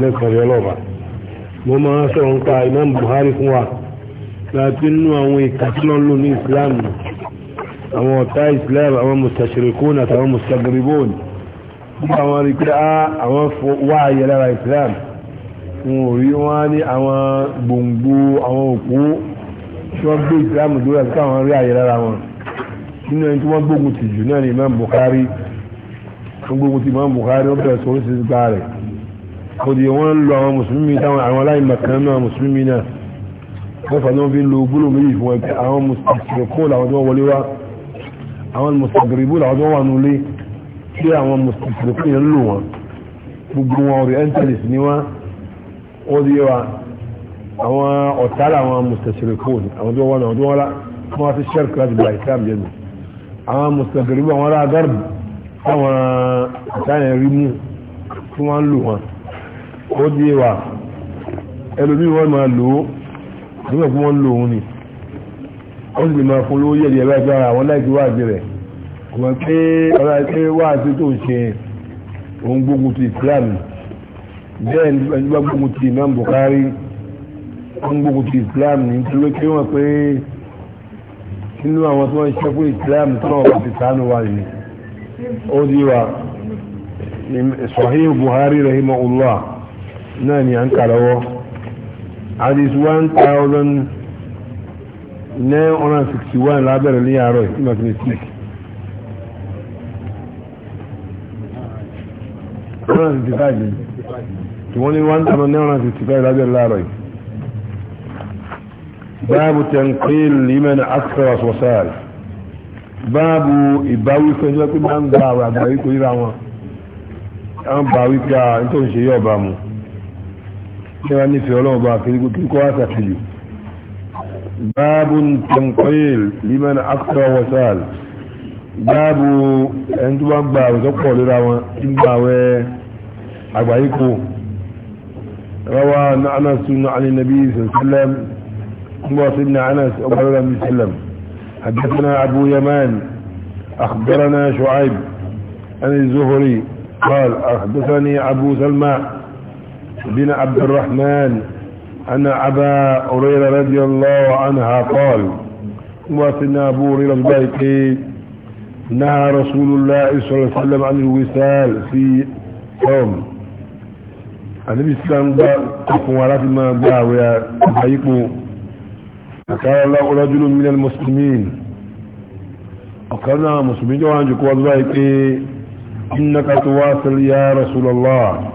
lẹ́kọ̀ọ́ yọ lọ́ba mo máa sọ nípa Imam Buhari fún wa láti nínú àwọn ìkàtúnà lò ní Islam àwọn ọ̀tá Islam àwọn mustashirikun àtàwọn mustagribun nípa àwọn rí pé àwọn wá ayé lára Islam wọn ò rí wọn ní àwọn gbòǹgbò àwọn òpó tí wọ́n gbé Islam dúró àti káwọn rí ayé wọn nínú ẹni tí wọ́n gbógun tì jù náà ni Imam Buhari wọ́n gbógun tì Imam Buhari wọ́n bẹ̀rẹ̀ sọ oríṣiríṣi gbáà rẹ̀ kòdì wọ́n lọ àwọn mùsùlùmí táwọn àwọn aláìmọ̀kan náà mùsùlùmí náà mẹ́fà náà fi ń lo gbólò méjì fún ẹgbẹ́ àwọn mùsùlùmí làwọn tó wọlé wá àwọn mùsùlùmí làwọn tó wà nulé tí àwọn mùsùlùmí yẹn lò wọn gbogbo wọn orientalist ni wọn ó di wa àwọn ọ̀tá làwọn mùsùlùmí àwọn tó wà náà tó wọ́n lá tí wọ́n lò wọn ó di wà ẹlòmí wọ́n máa lò ó nígbà fún wọn lò ó ni ó sì lè máa fún lówó yẹ̀dì ẹ̀rọ ẹgbẹ́ ara àwọn láìsí wáàsí rẹ̀ kò pé ọ̀rọ̀ ẹgbẹ́ wáàsí tó ń ṣe òun gbógun ti Islam bẹ́ẹ̀ ní bá ti Imam Bukhari wọ́n gbógun ti Islam ní nítorí pé wọ́n pé nínú àwọn tí wọ́n ń ṣẹ́kù Islam tí wọ́n ti sànù wà ní ó di wa Sahih Bukhari rahimahullah náà ni à ń kà lọ́wọ́ àdìs one thousand nine hundred sixty one lábẹ́rẹ̀ ní àárọ̀ yìí nígbà tí one hundred sixty five yìí tí wọ́n ní one hundred sixty five lábẹ́rẹ̀ láàárọ̀ yìí báàbù tẹ̀ǹkìl lìmẹ̀nà àkàrà sọ̀sáàlì báàbù ìbáwí fẹ́ jẹ́ pé máa ń gba àwọn àgbà yìí kò yíra wọn àwọn bàwí pé à ah, ń tó ń ṣe yọ̀ bá mu. kí wọ́n nífẹ̀ẹ́ ọlọ́run bá kí kó wá sàkìlì باب تنقيل لمن أكثر وسال باب أنت بابا وزقوا لراوة إنباوة أبعيكو روى أنس عن النبي صلى الله عليه وسلم وصلنا أنس أبو الله عليه وسلم حدثنا أبو يمان أخبرنا شعيب عن الزهري قال أحدثني أبو سلمى بن عبد الرحمن أن أبا هريرة رضي الله عنها قال واتنا أبو هريرة البيكي نهى رسول الله صلى الله عليه وسلم عن الوسال في يوم النبي صلى الله عليه وسلم قال الله رجل من المسلمين وقالنا مسلمين جوانجك والله إنك تواصل يا رسول الله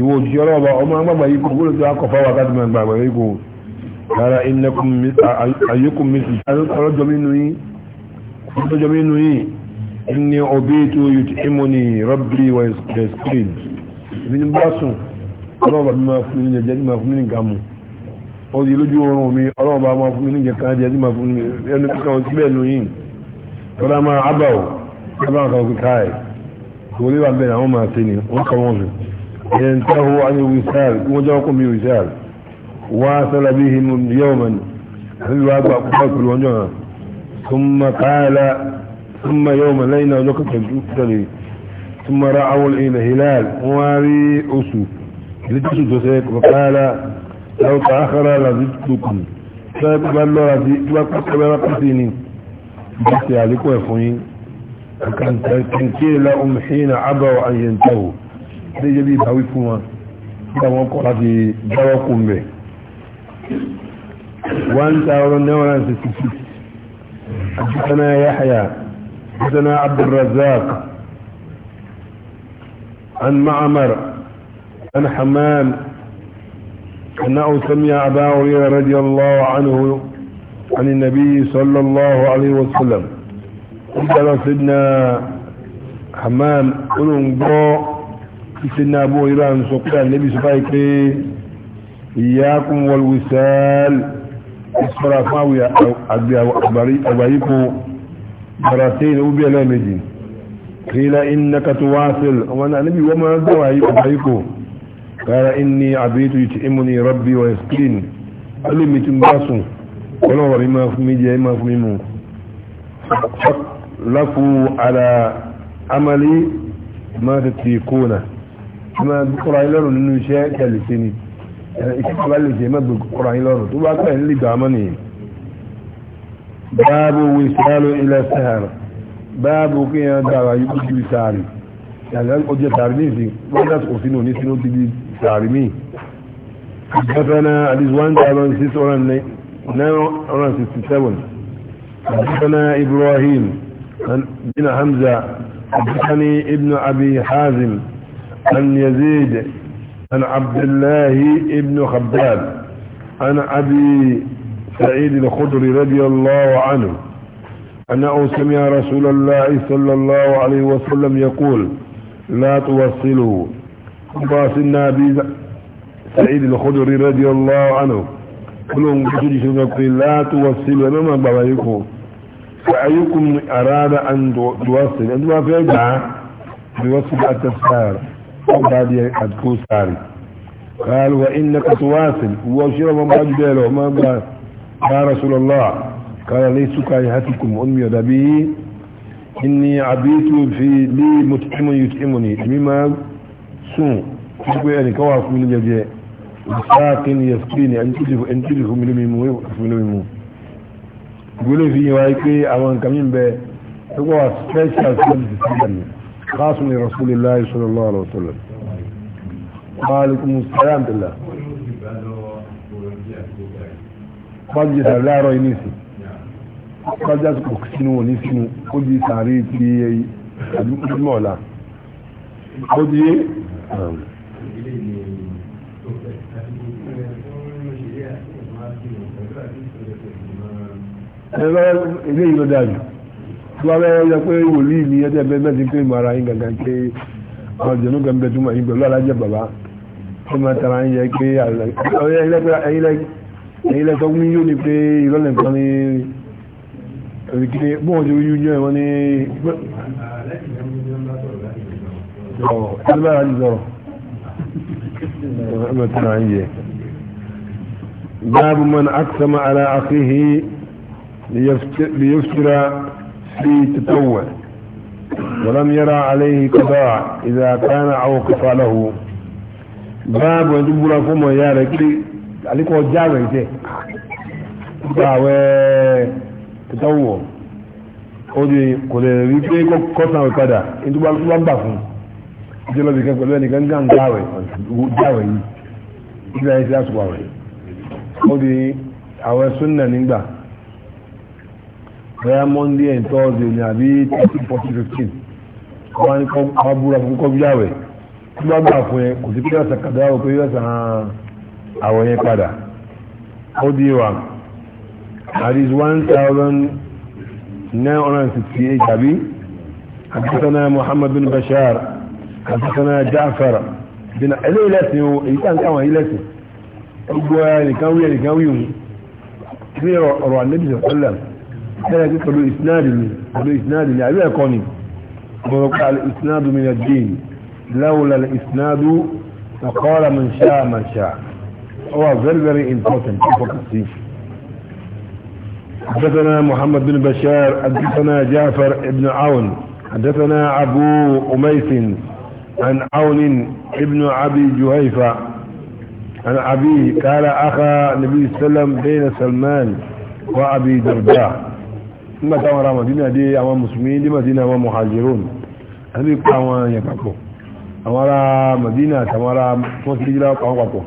ìwò òjì ọlọ́ọ̀bá ọmọ agbàgbà yìí kò gbọ́dọ̀ tó akọ̀ fáwọn akadé máa gbàgbà yìí kò rárá inẹ́kùn ayékùn mẹ́sì ọlọ́jọ́ mi nù yìí ní ọbẹ̀ tó yìí tí mo ní rọ́bì wà ìsìkìrìn ibi ní bá sùn ọlọ́ọ̀bá mi máa fún mi ní jẹ́ tí máa fún mi ní gàmù ọdí lójú oorun mi ọlọ́ọ̀bá máa fún mi ní jẹ́ káàdì tí máa fún mi ẹnu kíkan síbẹ̀ nù yìí tọ́lá máa ábà ò ábà kan kíkáì kò lè wà bẹ́ẹ̀ àwọn máa ṣe ni wọ́n kà wọ́n mi. ينتهوا عن الوسال وجاكم الوسال واصل بهم يوما الوابع قبلك الوجهة ثم قال ثم يوما لينا ونكت الجسلي ثم رأوا هلال واري أسو لتسو تسيك وقال لو تأخر لذبتكم فأكبر لرزي وقبل قسيني بس يعليكوا يفوني كان كان كيلا حين عبروا أن ينتهوا déjẹ́ bí wọn wọn kọ́ dáwọ́ kó حدثنا يحيى حدثنا عبد الرزاق عن معمر عن حمام أنه سمع أبا هريرة رضي الله عنه عن النبي صلى الله عليه وسلم قال سيدنا حمام قلوا ìsinmi abó ìran sọ pé àlébí sọ báyìí pé ìyákùn wọlwìsáàl ìsọ́ra fún àwẹ̀ àgbàríkù baratain ó bí ẹlẹ́mẹ̀jì kílá iná katuwasil wọn àlébí wọ́n máa gbọ́wà àgbàríkù kára inni àbẹ́tù ìtì imuni rabbi wa ma kọ́ra yín lọ́rùn nínú iṣẹ́ kẹlẹ̀ sí ni iṣẹ́ bá lè ṣe má gbé kọ́ra yín lọ́rùn tó bá pẹ̀ ń lè gbà mọ́ nìyẹn. báàbò wo ìsàlù ilẹ̀ sahara báàbò kí yẹn dára yóò ju sàárì yàrá ọjọ́ sàárì ní ìsìn wọ́n dá sọ̀rọ̀ sínú ní sínú bíbí sàárì míì. حدثنا حديث 1667 حدثنا ابراهيم بن حمزه حدثني ابن ابي حازم عن يزيد عن عبد الله ابن خباب عن أبي سعيد الخدري رضي الله عنه أنه سمع رسول الله صلى الله عليه وسلم يقول لا توصلوا خباس النبي سعيد الخدري رضي الله عنه كلهم يقول لا توصلوا أنا ما فأيكم أراد أن توصل أنتم ما في يوصل التفسير وبعد أدكو ساري قال وإنك تواصل وشرب ما جداله ما قال يا رسول الله قال ليس كايهتكم أمي ودبي إني عبيت في لي متعم يتعمني مما سوء تقول يعني كواف من الجزاء ساكن يسقيني أن تجف أن تجف من الميمو من الميمو يقول في وايكي أوان كمين بي هو سبيشال سبيشال خاصم لرسول الله صلى الله عليه وسلم وعليكم السلام بالله kọjí sàrí láàárọ̀ yìí nìsí kọjá kò sínú wọn ní sínú kọjí sàrí ti àdúgbò ọ̀la kọjí ẹ̀rọ ilé ìlọ́dájú wọ́n bẹ́ẹ̀ yọ pé wòlíì ni ẹ̀dẹ́ bẹ́ẹ̀ bẹ́ẹ̀ ti pé mọ ara yín gangan pé àwọn jẹ̀nu kan bẹ́ẹ̀ túmọ̀ yín pẹ̀lú alájẹ bàbá ó máa tara ń yẹ pé ẹ̀yin lẹ́sọ̀ wí yóò ní pé ìrọ̀lẹ́ nǹkan ní òkìkiri bọ́ọ̀ ti yú yẹn wọ́n ní. ọ̀ ẹ̀dẹ́bàrà ti sọ̀rọ̀ ẹ̀mọ̀ tara ń yẹ. باب من أقسم على أخيه ليفترى لتتوع ولم يرى عليه قضاء إذا كان عوقف له باب ويجب لكم يا رجل عليك وجاوة انت gbàwẹ́ tẹ́tọ́wọ̀ ó di rí pé kọ́sàn ìpadà fún bẹ́ẹ̀ monday and thursday ní àbí thirteen fourteen fifteen wọ́n ní kọ́ búra fún kọ́ bíyàwẹ̀ tí wọ́n gbà fún yẹn kò sí pé ọ̀sán kàdá o pé yóò san àwọ̀ yẹn padà ó di wa that is one thousand nine hundred and sixty eight àbí Muhammad bin Bashar بشار حدثنا جعفر بن إليه لسه إيه كان كان إليه لسه أبوه يعني كان ويا كان ويوم كبير النبي صلى الله عليه وسلم ẹ̀rẹ́ pẹ̀lú ìsìnáàdì ni pẹ̀lú ìsìnáàdì ni àríwẹ̀ ẹ̀kọ́ ni ọmọdọ́kọ́ ìsìnáàdù mi nà dín láwùlà ìsìnáàdù àkọ́ọ̀lá mọ̀ ṣá mọ̀ ṣá ó wà very very important to focus sí حدثنا محمد بن بشار حدثنا جعفر بن عون حدثنا أبو أميس عن عون ابن أبي جهيفة عن أبيه قال أخى النبي صلى الله عليه وسلم بين سلمان وأبي درداء nígbà táwọn ará Madina dé àwọn mùsùlùmí dé Madina àwọn muhajirun àbí pa àwọn èèyàn papọ̀ àwọn ará Madina àtàwọn ará wọn ti jíra àwọn papọ̀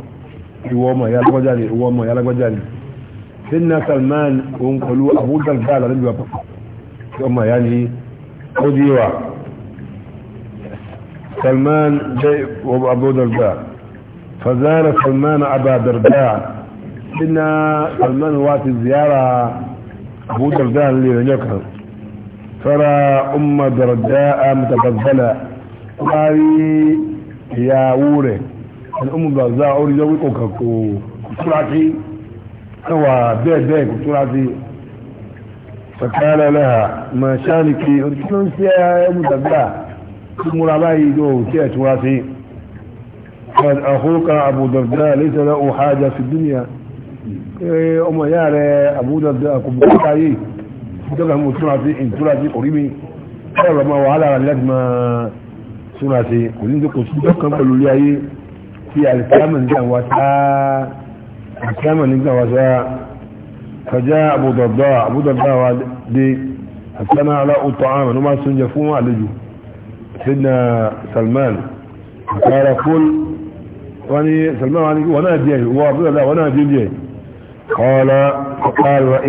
ìwọ ọmọ ìyá alágbájá ni ìwọ ọmọ ìyá alágbájá ni sinna Salman òun pẹ̀lú abudul dala níbi wàpọ̀ tí ọmọ ìyá ni ó di أبو درداء اللي يجكر ترى أم درداء متبذلة قالي يا أوري الأم درداء أوري جوي أوكاكو كتراتي سوا بيه بيه كتراتي فقال لها ما شانك كنت يا أم درداء مرابعي جو تأتراتي قال أخوك أبو درداء ليس له حاجة في الدنيا ọmọ ìyá rẹ̀ àbúdọ̀ àkùnbùkúta yìí ìjọba mú túnra sí ìtura sí orí mi ọ̀rọ̀ ma wàhálà rẹ̀ láti máa túnra sí kò ní kò sí dọ́kan pẹ̀lú ilé ayé tí alìkàmà nígbà wá sáá alìkàmà nígbà wá sáá kọjá àbúdọ̀dọ̀ àbúdọ̀dọ̀ wa dé àtàná aláwòtọ́ àmà ló máa súnjẹ fún àlejò sidna salman àkàrà kúl wọ́n ni salman wọ́n náà díẹ̀ a a aaa lua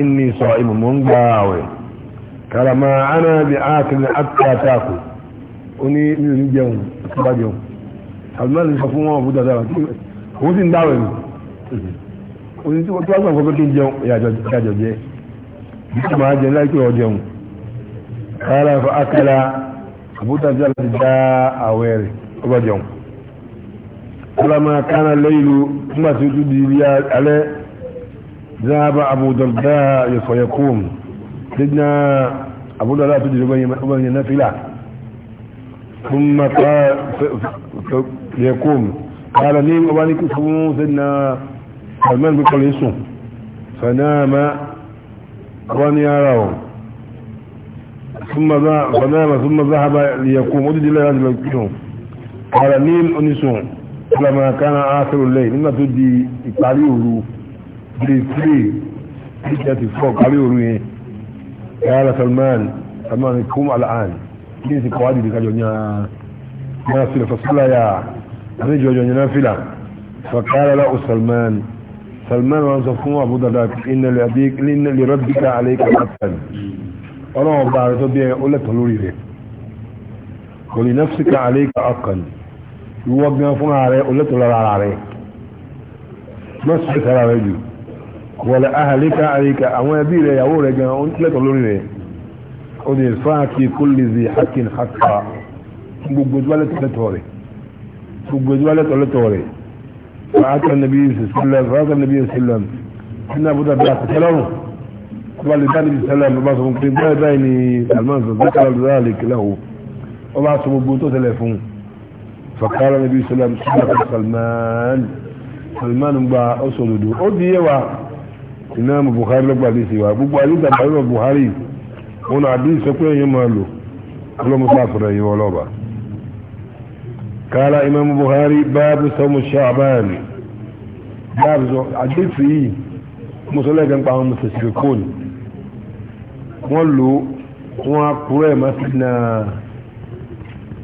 ذهب أبو درداء فيقوم سيدنا أبو درداء تجري بين نافلة ثم قال يقوم قال لي وبانك سيدنا سلمان بن قليسون فنام وان يراه ثم فنام ثم ذهب ليقوم ودد الله لازم يقوم قال نيم أنسون لما كان آخر الليل لما تدي إقاليه three three three thirty four kárí òru yẹn yàrá salman salman kum al'an ní ìsìn kọ́wádìí bí kájọ yàn yàrá sílẹ̀ fasúlà yà àti jọjọ yàn náà fìlà fàkàrà láwù salman salman wọn sọ fún abu dada iná lè rọ́bì ká alẹ́ ká látàn ọlọ́wọ́ bá rẹ tó bí ẹ ó lẹ́tọ̀ lórí rẹ kò lè náfsì ká alẹ́ ká ọkàn ìwọ gan ó lẹ́tọ̀ lára rẹ mọ́sí sára rẹ jù wọ̀lẹ̀ ahàlíkà àríkà àwọn ẹbí rẹ̀ ìyàwó rẹ̀ gan ọ́n lẹ́tọ̀ lórí rẹ̀ ó ní fáàkì kúlìzì hakin haka gbogbo ìjọba lẹ́tọ̀ lẹ́tọ̀ rẹ̀ gbogbo ìjọba lẹ́tọ̀ lẹ́tọ̀ rẹ̀ fàákà nàbí sàlám fàákà nàbí sàlám nínú àbúdá bí àtẹ̀lọ́rùn ọba lè bá nàbí sàlám ọba sọ fún báyìí báyìí ni salman sọ fún kàlá lọ́dọ̀ àlè kílà o ọba ìnáàmù Buhari lọ́gbàdé sí wa gbogbo àdíjà bàbá Buhari wọn àbí ìsọpẹ́ yẹn máa lò ọlọ́mọsá àfọ̀rọ̀ yìí ọlọ́ba kára ìmáàmù Buhari báàbù sọmù Sha'ban báàbù sọ àdéfì yìí mùsùlùmí kan pa àwọn mùsùlùmí kóòlù wọ́n lò wọ́n á kúrẹ́ mọ́sílì náà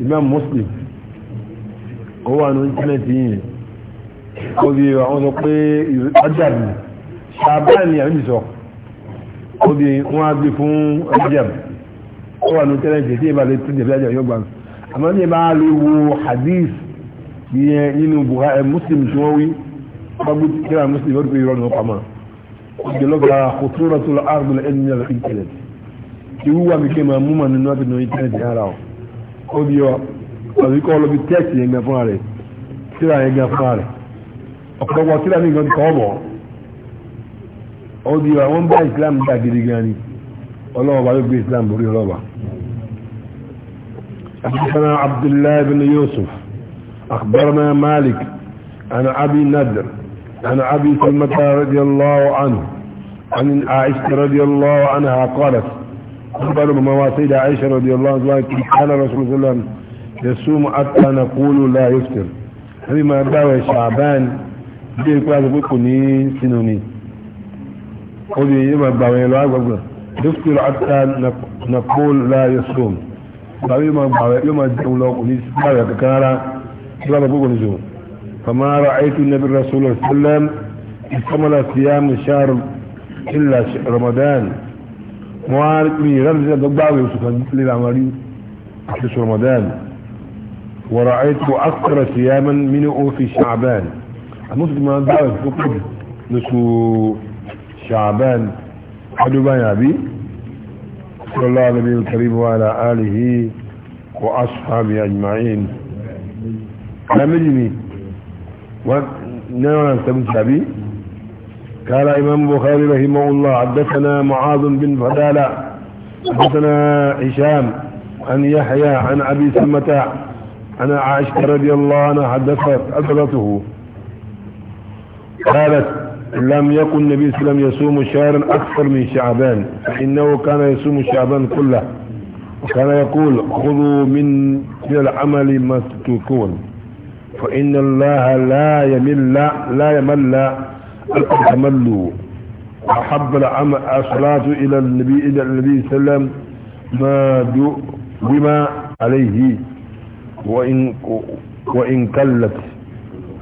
ìmáàmù Muslim ó wà ní íńtánẹ́ẹ̀tì yìí ó di àwọn sọ pé ìrìn ṣàbáà ni àríbì sọ obi wọ́n á gbé fún rajab ó wà ní tẹ́lẹ̀ jẹ́ tí ìbá lè tún jẹ̀bí ajá yóò gbà àmọ́ ní ìbá lè wo hadith yẹn nínú buhari eh, muslim tí wọ́n wí ọgbọ́gbọ́ kíra muslim ó rí pé irọ́ ní ọpamọ́ ìjọlọ́gba kòtúrọ̀ tó lọ àrùn ẹni ní ọ̀rọ̀ ìtẹ̀lẹ̀ ìwúwà mi kéèmà múmà nínú àti nínú ìtẹ̀lẹ̀ ara ọ̀ ó bí ọ ọ̀ríkọ́ ọlọ́bí tẹ́ẹ̀sì yẹn gan fúnra rẹ̀ kíra yẹn gan fúnra rẹ̀ ọ̀pọ̀lọpọ̀ kíra ní ìgbọ́n kọ́ bọ̀ ó di àwọn bá islam dá gidi ni ọlọ́wọ́ bá ló gbé islam borí ọlọ́wọ́ حدثنا عبد الله بن يوسف أخبرنا مالك عن أبي ندر عن أبي سلمة رضي الله عنه عن عائشة رضي الله عنها قالت أخبر بمواصيل عائشة رضي الله عنها كان رسول الله عليه وسلم يصوم حتى نقول لا يفتر هذه ما شعبان دي كواسبوكو ني سنوني قولي يما باوين لا قبل يفطر حتى نقول لا يصوم باوين يما باوين يما جاو لو قولي سباوين ككارا سباوين بوكو نزوم فما رأيت النبي الرسول صلى الله عليه وسلم استمر صيام شهر إلا رمضان موارد من رمز الضباب يوسف للعمري أحدث رمضان ورأيت أكثر صياما منه في شعبان المسلم ما دعوه في فقد نسو شعبان حدو بان أبي صلى الله عليه الكريم وعلى آله وأصحابه أجمعين نعم، أنا مجني نستمت أبي قال إمام بخاري رحمه الله حدثنا معاذ بن فدالة حدثنا هشام عن يحيى عن أبي سمة عن عائشة رضي الله عنها حدثت أسرته قالت لم يكن النبي صلى الله عليه وسلم يصوم شهرا أكثر من شعبان فإنه كان يصوم شعبان كله وكان يقول خذوا من العمل ما تكون فإن الله لا يمل لا يمل تملوا أحب العمل الصلاة إلى النبي إلى النبي صلى الله عليه وسلم ما بما عليه وإن وإن قلت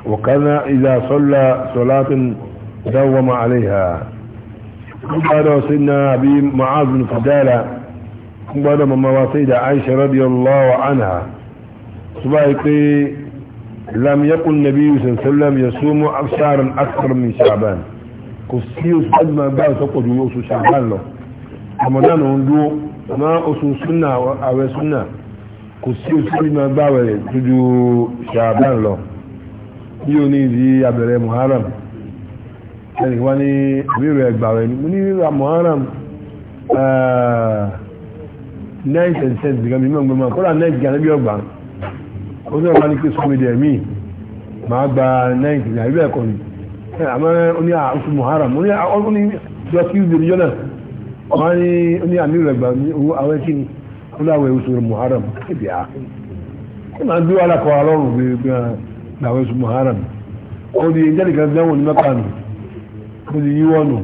وكان إذا صلى صلاة دوم عليها قال سيدنا أبي معاذ بن فدالة قال مواسيد عائشة رضي الله عنها سبايك لم يكن النبي صلى الله عليه وسلم يصوم أبشارا أكثر من شعبان كسيوس قد ما بقى تقض شعبان له رمضان هندو ما أسو سنة أو سنة كسيوس قد ما بقى تجو شعبان له يوني زي عبد محرم ẹni wá ní ìwéèrè ẹgbà rẹ̀ ní mú ní rírà Muharram 9th and 10th gẹ́gẹ́ mímọ̀ gbẹmọ̀ kọ́lá 9th gẹ́gẹ́ bí ọgbà ó sọ wá ní pé sọ mídẹ̀ mí máa gba 9th ní àríwẹ̀ ẹ̀kọ́ ni àmọ́ ó ní oṣù Muharram ó ní ọdún ní jọ kí ìdè níjọ́ náà wọ́n ní ó ní àmì rẹ̀ gbà ní owó àwọn ẹ̀kí ni ó láwẹ̀ oṣù Muharram kébì á ó máa ń bí wàhálà kọ́ ní ìjẹ́nìkan bó ti yí wọ́nù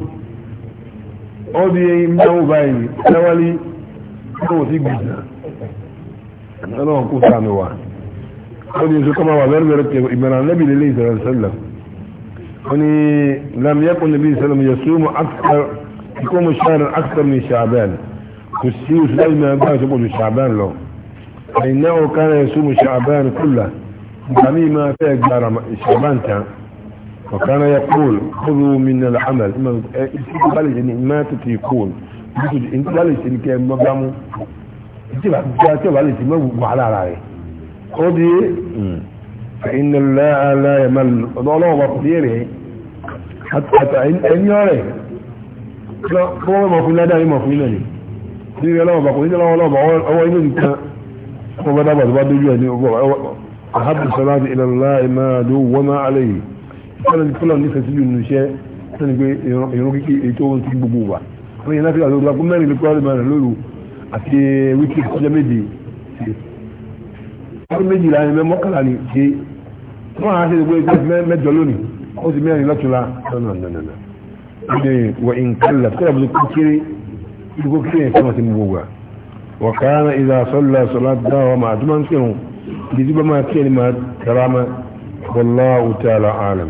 ó di eyín mẹ́wọ́ báyìí lẹ́wọ́lí tó wọ́n ti gbìyànjú ọlọ́run kó sàmì wà ó di oṣù kọ́mọ wà bẹ́rẹ̀ kẹwàá ìmọ̀ràn lẹ́bi lélẹ́ ìṣẹ̀lẹ̀ sẹ́lẹ̀ ó ní lamiyakun nabi sẹ́lẹ̀ yasumu يكون شهر أكثر من شعبان والسيوس دايما يبقى شعبان له فإنه كان يصوم شعبان كله يعني ما فيه شعبان كان وكان يقول خذوا من العمل ما تطيقون انت لا ليس انك مبامو انت لا ليس ما على راي قضي فإن الله لا يمل الله بطيره حتى أن يري لا هو ما فينا ده ما فينا لي دي لا ما فينا لا لا هو انت هو ده بده بده يعني أحب الصلاة إلى الله ما دو وما عليه sọ́nà fúlọ̀ nífẹ̀ẹ́ sí yìí nùṣẹ́ sọ́nà pé ìrún kíkì ètò ohun ti gbogbo wà wọ́n yẹn láti àlọ́ ọgbọ́n mẹ́rin lókè ọdún mẹ́rin lóru àti eh, wíkì ọjọ́ méje ọdún méjì láàrin mẹ́ mọ́kànlá ni ṣe wọ́n á ṣe gbogbo mẹ́jọ lónìí ó ti mẹ́rin lọ́tùnlá lọ́nà nànànà ọdún wọ ìǹkàlà kí ọdún kó kéré ìdúgbò kéré yẹn fún ọtí gbogbo wa wọ̀kàrà ìdá sọ́lá sọ́lá dáwọ́ máa máa ń kírun ìdí máa kí ẹni máa tẹ̀ra máa والله تعالى عالم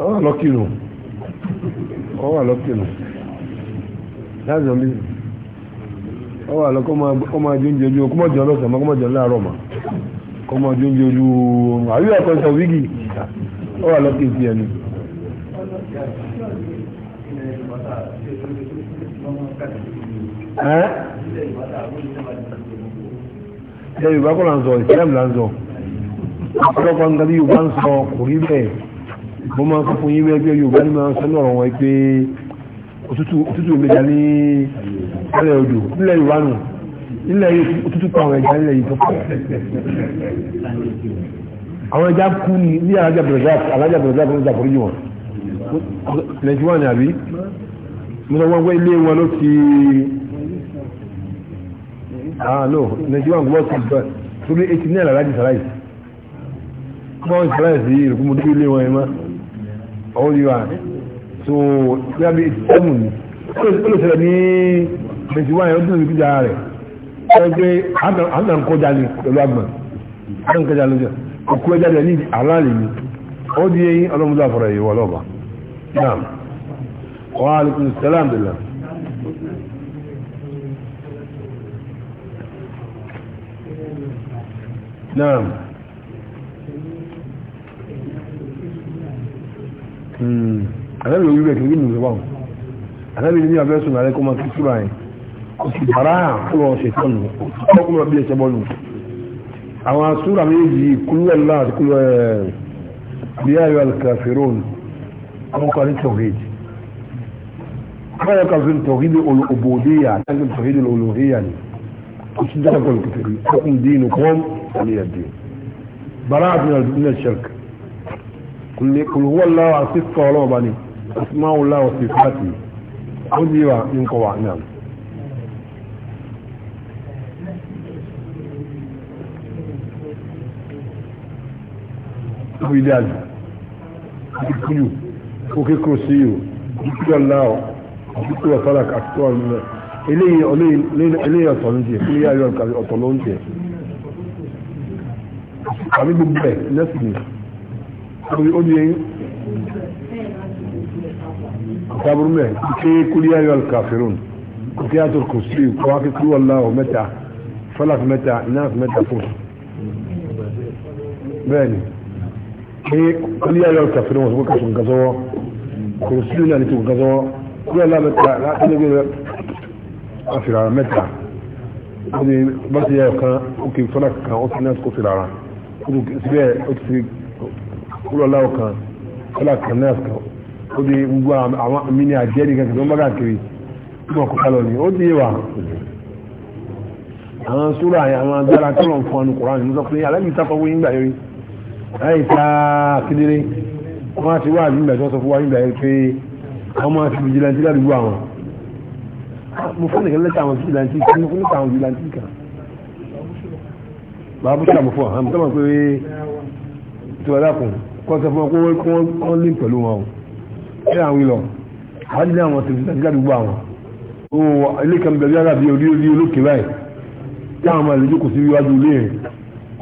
ọ wà lọ́kìnù ọ wà lọ́kìnù láti ọ̀bí ọ wà lọ́kọ́ ọmọ ajé oúnjẹ ojú ọkọ́ mọ̀jọ́ lọ́sàn mọ́ mọ̀jọ́ láàárọ̀ mà kọ́ mọ̀ oúnjẹ ojú oorun àbí ẹ̀kọ́ ìtàn wígì ọ wà lọ́kìnù tiẹ̀ ni. ẹ yorùbá kọ́ là ń sọ ìsìlẹ̀mù là ń sọ ọ̀pọ̀lọpọ̀ nǹkan bí yorùbá ń sọ kò rí bẹ́ẹ̀ mo máa ń sọ fún yín wẹ́gbẹ́ yorùbá ní máa ń sọ lọ́rọ̀ wọn pé òtútù òmìnira ní ilẹ̀ odò nílẹ̀ yorùbá nù nílẹ̀ òtútù pa àwọn ẹja nílẹ̀ yìí tó pọ̀ àwọn ẹja kú ní ní alájà bẹ̀rẹ̀dá alájà bẹ̀rẹ̀dá fún ìjà forí wọn nàìjíríà ní àbí mo sọ wọn pé ilé wọn ló ti ah no nàìjíríà kò bọ́ sí ìjọ torí eighty nine alájà sàlàyé wọ́n ìfẹ́lẹ̀sì ìrùkúnmù tó ilé wọn ẹmọ́ ọwọ́ yíwa so yàbí ìtẹ́mù ní olùsẹ̀lẹ̀ ní 21 ọdún ìrìkújà rẹ̀ ẹgbẹ́ àdànkọjá ní pẹ̀lú agbọ̀n àdànkọjá lójọ òkú ẹjá rẹ̀ ní àlàlì ní ó di eyín ọlọ́mọdé àfọ̀rọ̀ ìwọ̀ lọ́ba naam wa alaikum salam billah naam àlẹ́ mi ò rí rẹ̀ kí n rí nìyẹn wáwọ̀ àlẹ́ mi ní abẹ́ sùn àlẹ́ kó máa kí súra yẹn kò sì bàrà kó lọ ṣe tán nù kó kó máa bí ẹsẹ̀ bọ́ nù. àwọn súra méjì kúlẹ̀ ńlá àti kúlẹ̀ bíyà yọ alikafirun àwọn kan ní tọ̀gẹ́jì. àwọn kan fi tọ̀gẹ́jì olùbòdìyà àti tọ̀gẹ́jì olùhìyà ni kò sí dáhùn kọ́ lókè fèrè kó kún dín nù kọ́ ọ́ ní ẹ̀dín. bàrà àti nà kùlùwọ́ láwà sí sọ ọlọ́ọ̀bá ni asmáwò láwà sí fàtì ó ní wà ní kọwà náà ó ilé àjò ìkúyù òkè kúrò sí yìí ìkúyọ̀ láwà ìkúyọ̀ sọ́lá kàtúwà nílẹ̀ eléyìí ọ̀tọ̀ ló ń jẹ eléyìí ọ̀tọ̀ ló ń jẹ àbí gbogbo ẹ̀ lẹ́sìn sabur me ke kul ya ayyuhal kafirun ku ya tur kusi ku wa ku wallahu mata falak mata nas mata fu bani ke kul ya ayyuhal kafirun ku ka sun gazo kursi na ni ku gazo ku la mata la ni ku afira mata ni basi ya kan ku falak kan o nas ku firara ku sibe o kúlọ̀láwọ̀ kan kọ́lá kanáàs kan ó di gbogbo àwọn mini àjẹ́rì kankan tó ń bá káàkiri mọ̀ kó kálọ̀ ni ó di wà àwọn súra àwọn agbára tó lọ fún ọnukùnrin àwọn ìmúsọ pé alábi ìta fọwọ́ yín gbà yẹrí láì ta kedere wọ́n á ti wá àbí ìgbà tó sọ fún wa nígbà yẹrí pé wọ́n máa fi vigilante ládùúgbò àwọn mo fún nìkan lẹ́tà àwọn vigilante kan mo fún nìkan àwọn vigilante kan bàbá bùsùlà mo fún ọ àmì tó pé tí wọ́n dákun kọ́ sọ fún ọ kó wọ́n lè pẹ̀lú wọn o kí àwọn ìlọ àwọn ìdílé àwọn tòbí tàbí àdúgbò àwọn ó ilé kan bẹ̀rẹ̀ yàrá bí orí orí olókè báyìí tí àwọn máa lè jókòó sí iwájú ilé yẹn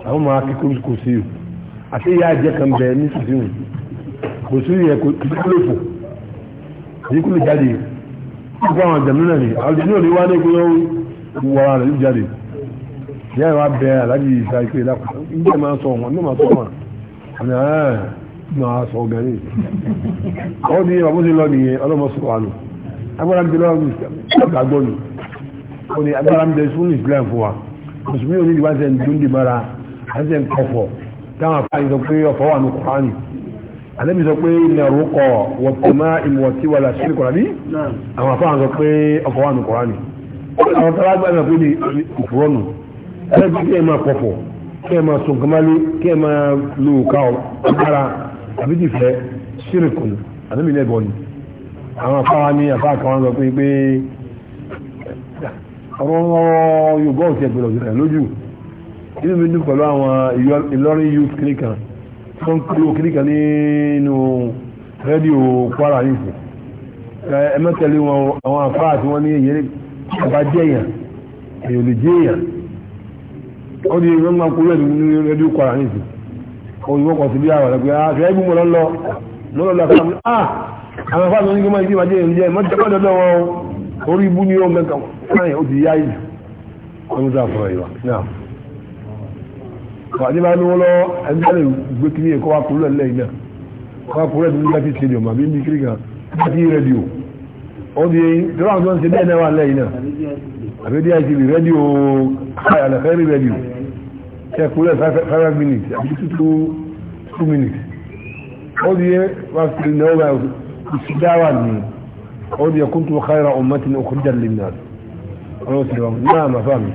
àwọn máa kékeré kò sí o àti ìyá àjẹ kan bẹ ní sísìn kò sí yẹ kò sí kúlò fò kò sí kúlò jáde kí kó àwọn àjẹmí náà ni àwọn àjẹmí náà ni wá ní ìpínlẹ̀ wọ́n wọ́n ara rẹ̀ jáde ìyá ìwà bẹ ọ̀nà ẹ̀ náà sọ gẹ̀rẹ́ ọ ní ọmọ sí lọ nìyẹn ọlọ́mọsọ wà nù agbára ń bẹ lọ́wọ́ gbàgbọ́ nù ó ní agbára ń bẹ fún Islam fún wa mùsùlùmí ò ní ìdíwá sẹ́ ń dún dì mara àṣẹ ń kọfọ̀ táwọn afáàyè sọ pé ọ̀fọ̀ wà nù kọ́ánì àlẹ́bí sọ pé ilẹ̀ rúkọ̀ wọ̀tọ̀má ìmọ̀tí wà láti ṣílẹ̀ kọ̀rání àwọn afáàyè sọ pé ọkọ̀ wà nù kọ́ánì àwọn tọ́lá gbà kí ẹ máa sùn kamalé kí ẹ máa lo òkà ọ̀gbára àbí ti fẹ́ ṣírìkùn àdébí lẹ́bọ̀ ni àwọn afárá ní afárá kan wọn sọ pé pé ọ̀rọ̀ yorùbá òsì ẹgbẹ̀rún òsì rẹ̀ lójú inú mi dùn pẹ̀lú àwọn ìlọrin youth clinic kan tí ń kúrò clinic kan nínú rédíò kwara nìsín ẹ mẹ́tẹ̀lé wọn àwọn afárá tí wọ́n ní èyí ẹ̀ bá jẹ́ ò lè jẹ́ èèyàn ó di ìwé máa kúrò ní rédíò kwara ní ìsìn òyìnbó kan sí bí àwọn ẹgbẹ́ àti ah, ẹgbẹ́ mọ̀ lọ́lọ́ lọ́lọ́ lọ́kọ́ àmì ah àwọn afáàmì oníkẹ́ máa ìdí ìbàjẹ́ ìrìnjẹ́ mọ́tẹ́kọ́dọ́dọ́ wọn orí ibú ni ó mẹ́kàn láyìn ó ti yá ìjù ọdún tó àfọ̀rọ̀ ìwà náà wà ní bá ní wọ́n lọ ẹgbẹ́ lè gbé kiri ẹ̀kọ́ wa kúrò lẹ́lẹ́ iná wa kúrò ní láti stadium àbí ní kiri kan láti rédíò ó di tó ráhùn tó ń ṣe bẹ́ẹ̀ náà wà lẹ́yìn náà àbí DITV rédíò àlẹ́fẹ́ rí rédíò ṣẹ̀kúrẹ́ five minutes àbí two two minutes ó di yẹ wá sí ilẹ̀ ọgbà ìṣìdáwà ni ó di yẹ kuntum khayra ummatin ukhrijat lin-nas ọ̀rọ̀ sí wọn náà mà fáàmì.